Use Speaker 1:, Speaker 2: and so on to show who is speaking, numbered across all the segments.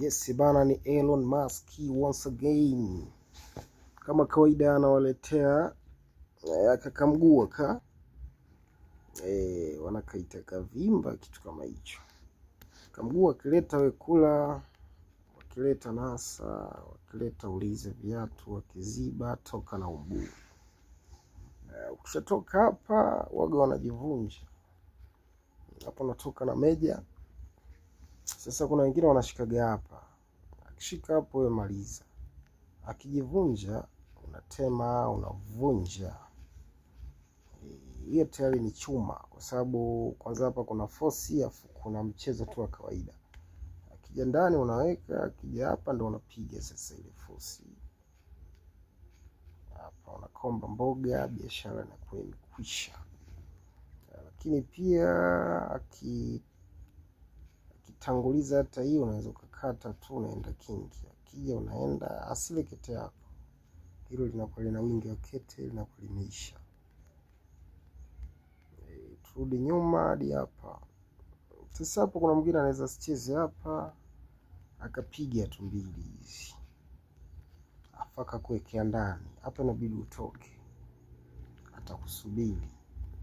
Speaker 1: Yes bana, ni Elon Musk once again, kama kawaida anawaletea eh, akakamgua ka e, wanakaita kavimba, kitu kama hicho. Kamgua wakileta wekula, wakileta nasa, wakileta ulize viatu, wakiziba toka na umbuu. Eh, ukishatoka hapa waga wanajivunja hapo, natoka na meja sasa kuna wengine wanashikaga hapa, akishika hapo wewe maliza, akijivunja unatema, unavunja. Hiyo tayari ni chuma, kwa sababu kwanza hapa kuna fosi afu kuna mchezo tu wa kawaida. Akija ndani unaweka, akija hapa ndo unapiga sasa ile fosi hapa, unakomba mboga, biashara inakuwa imekwisha. Lakini pia aki ukitanguliza hata hiyo unaweza ukakata tu, unaenda kingi, akija unaenda asile kete yako, hilo linakuwa lina wingi wa kete, linakuwa limeisha. Eh, turudi nyuma hadi hapa sasa. Hapo kuna mwingine anaweza asicheze hapa, akapiga tu mbili hizi afaka akakuwekea ndani hapa, inabidi utoke, atakusubiri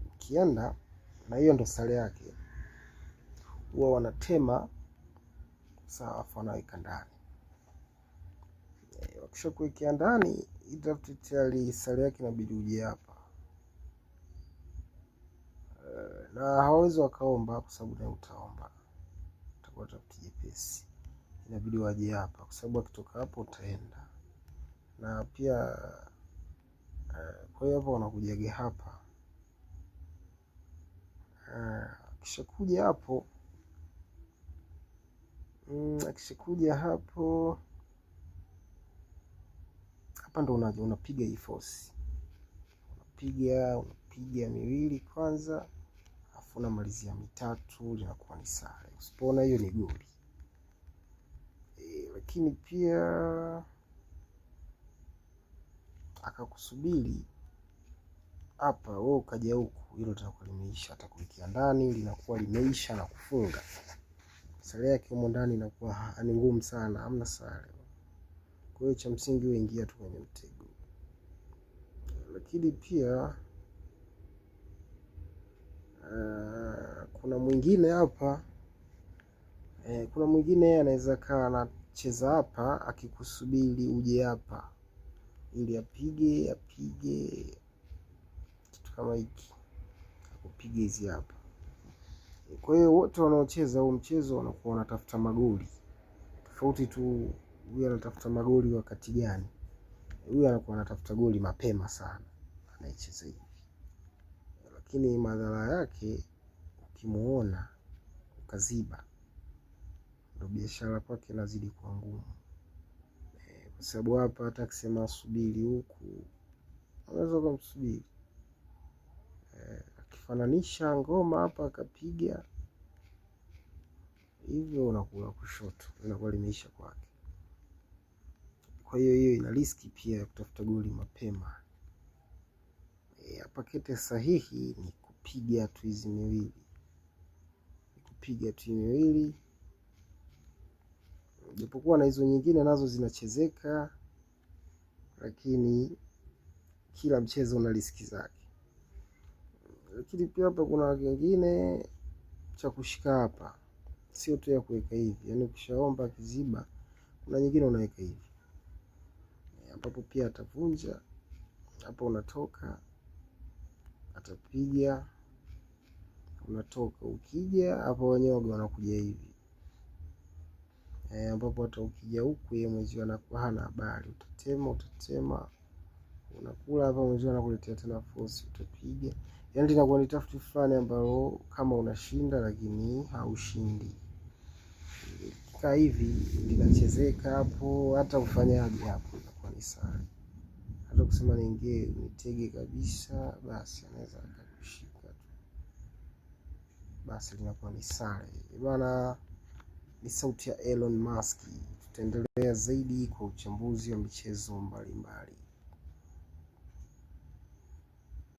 Speaker 1: ukienda, na hiyo ndo sare yake huwa wanatema sawa, afu wanaweka ndani. Eh, wakisha kuwekea ndani hii draft tayari, sare yake inabidi uje hapa eh, na hawawezi wakaomba kwa sababu naye utaomba, utakuwa draft jepesi, inabidi waje hapa kwa sababu akitoka hapo utaenda na pia eh, kwa hiyo hapa wanakujage hapa kisha kuja hapo Mm, akishikuja hapo hapa ndo unapiga hii force, unapiga unapiga miwili kwanza, afu unamalizia mitatu, linakuwa ni sare. Usipoona hiyo ni goli e, lakini pia akakusubiri hapa wewe ukaja huku, hilo litakuwa limeisha, atakuwekea ndani, linakuwa limeisha na kufunga sare yake humo ndani inakuwa ni ngumu sana, amna sare. Kwa hiyo cha msingi wewe ingia tu kwenye mtego, lakini pia uh, kuna mwingine hapa eh, kuna mwingine yeye anaweza kaa anacheza hapa akikusubiri uje hapa ili apige apige kitu kama hiki akupige hizi hapa kwa hiyo wote wanaocheza huo mchezo wanakuwa wanatafuta magoli, tofauti tu huyu anatafuta magoli wakati gani. Huyu anakuwa anatafuta goli mapema sana, anaicheza hivi. Lakini madhara yake ukimuona ukaziba, ndo biashara kwake inazidi kuwa ngumu, kwa sababu hapa hata akisema asubiri huku anaweza kamsubiri akifananisha ngoma hapa akapiga hivyo, unakula kushoto, inakuwa limeisha kwake. Kwa hiyo hiyo ina riski pia ya kutafuta goli mapema. E, hapa e, kete sahihi ni kupiga tu hizi miwili, ni kupiga tu miwili, japokuwa na hizo nyingine nazo zinachezeka, lakini kila mchezo una riski zake lakini pia hapa kuna kingine cha kushika hapa, sio tu ya kuweka hivi, Yani ukishaomba kiziba, kuna nyingine unaweka hivi eh, ambapo pia atavunja hapa, unatoka atapiga, unatoka ukija hapo, wanyoga wanakuja hivi e, ambapo hata ukija huku yeye mwenyewe anakuwa hana habari, utatema utatema, unakula hapa, mwenyewe anakuletea tena fosi, utapiga yani linakuwa ni tafiti fulani ambalo kama unashinda lakini haushindi ka hivi linachezeka hapo, hata ufanyaji hapo inakuwa ni sawa. Hata kusema niingie nitege kabisa, basi anaweza akakushika tu, basi linakuwa ni sare bana. Ni sauti ya Elon Musk. Tutaendelea zaidi kwa uchambuzi wa michezo mbalimbali.